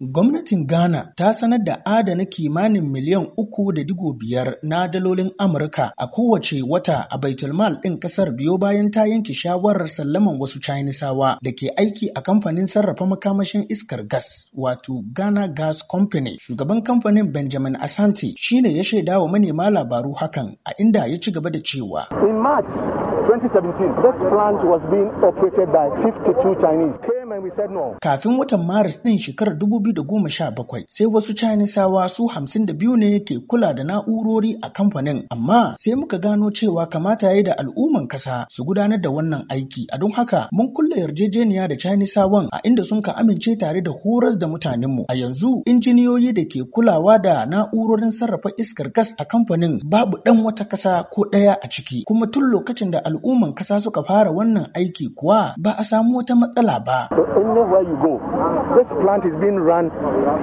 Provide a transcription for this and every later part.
Gwamnatin Ghana ta sanar da adana kimanin miliyan uku da digo biyar na dalolin Amurka a kowace wata a baitulmal ɗin ƙasar biyo bayan ta yanke shawarar sallaman wasu Chinisawa da ke aiki a kamfanin sarrafa makamashin iskar gas wato Ghana Gas Company. Shugaban kamfanin Benjamin Asante shine ya shaida wa manema labaru hakan a inda ya ci gaba da cewa. In March 2017, this plant was being operated by 52 Chinese. Kafin watan Maris ɗin shekarar 2017 sai wasu Canisawa su 52 ne ke kula da na'urori a kamfanin amma sai muka gano cewa kamata ya da al'umman kasa su gudanar da wannan aiki a don haka mun kulle yarjejeniya da Canisawan a inda sun ka amince tare da horas da mutanenmu a yanzu injiniyoyi da ke kulawa da na'urorin sarrafa iskar gas a kamfanin babu ɗan wata kasa ko ɗaya a ciki kuma tun lokacin da al'umman kasa suka fara wannan aiki kuwa ba a samu wata matsala ba. anywhere you go. This plant is being run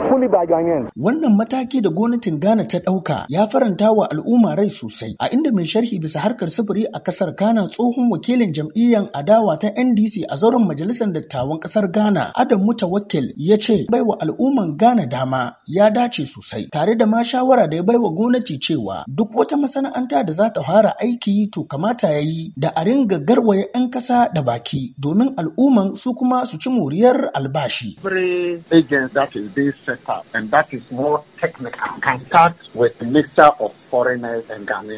fully by Ghanaians. Wannan mataki da gwamnatin Ghana ta ɗauka ya faranta wa al'umma rai sosai. A inda mai sharhi bisa harkar sufuri a kasar Ghana tsohon wakilin jam'iyyar adawa ta NDC a zauren majalisar dattawan kasar Ghana Adam Mutawakkil ya ce bai wa al'umman Ghana dama ya dace sosai tare da ma shawara da ya bai wa gwamnati cewa duk wata masana'anta da za ta fara aiki to kamata ya yi da a ringa garwaye 'yan ƙasa da baki domin al'umman su kuma su ci muriyar albashi. is technical with of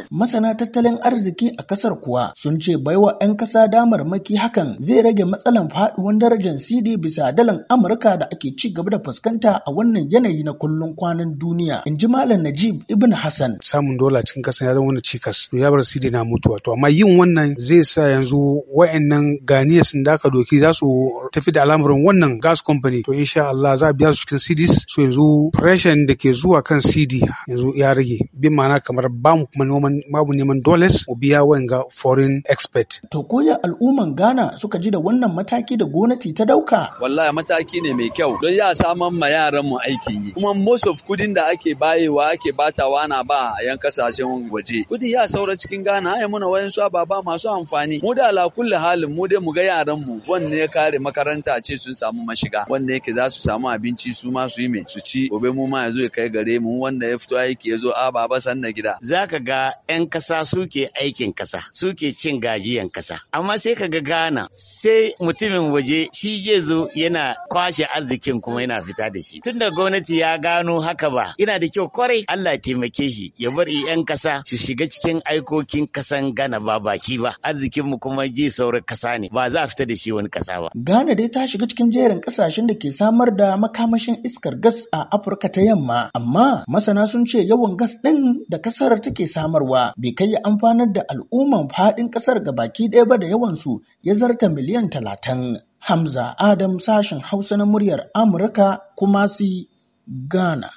Masana tattalin arziki a kasar kuwa sun ce baiwa 'yan kasa damarmaki hakan zai rage matsalan faduwan darajar CD bisa dalan Amurka da ake ci gaba da fuskanta a wannan yanayi na kullum kwanan duniya. In ji Malam Najib Ibn Hassan. Samun dola cikin kasa ya zama wani cikas. To ya bar CD na mutuwa. To amma yin wannan zai sa yanzu wa'annan ganiyar sun daka doki za su tafi da al'amarin wannan gas company to insha Allah za biya su cikin CDs su yanzu pressure da ke zuwa kan CD yanzu ya rage bin ma'ana kamar ba mu kuma ba babu neman dollars mu biya wanga foreign expert to ya al'umman Ghana suka ji da wannan mataki da gwamnati ta dauka wallahi mataki ne mai kyau don ya saman ma yaran mu aikin yi kuma most of kudin da ake bayewa ake batawa na ba a yan kasashen waje kudi ya saura cikin Ghana ya muna wayan su ba masu amfani mu da ala kulli halin mu dai mu ga yaran mu wanne ya kare makaranta a ce sun samu mashiga wanda yake za su samu abinci su ma su yi me su ci gobe mu ma yazo ya kai gare mu wanda ya fito aiki yazo a baba san na gida zaka ga yan kasa suke aikin kasa suke cin gajiyan kasa amma sai ka ga gana sai mutumin waje shi zai zo yana kwashe arzikin kuma yana fita da shi tunda gwamnati ya gano haka ba yana da kyau kwarai Allah ya taimake shi ya bar yan kasa su shiga cikin aikokin kasan gana ba baki ba arzikin mu kuma ji sauran kasa ne ba za a fita da shi wani kasa ba gana dai ta shiga cikin jerin ƙasashen da ke samar da makamashin iskar gas a Afirka ta yamma, amma masana sun ce yawan gas ɗin da ƙasar take samarwa bai kai ya amfanar da al'umman faɗin ƙasar ga baki ɗaya ba da yawansu ya zarta miliyan talatin. Hamza Adam sashen Hausa na muryar Amurka kuma si Ghana.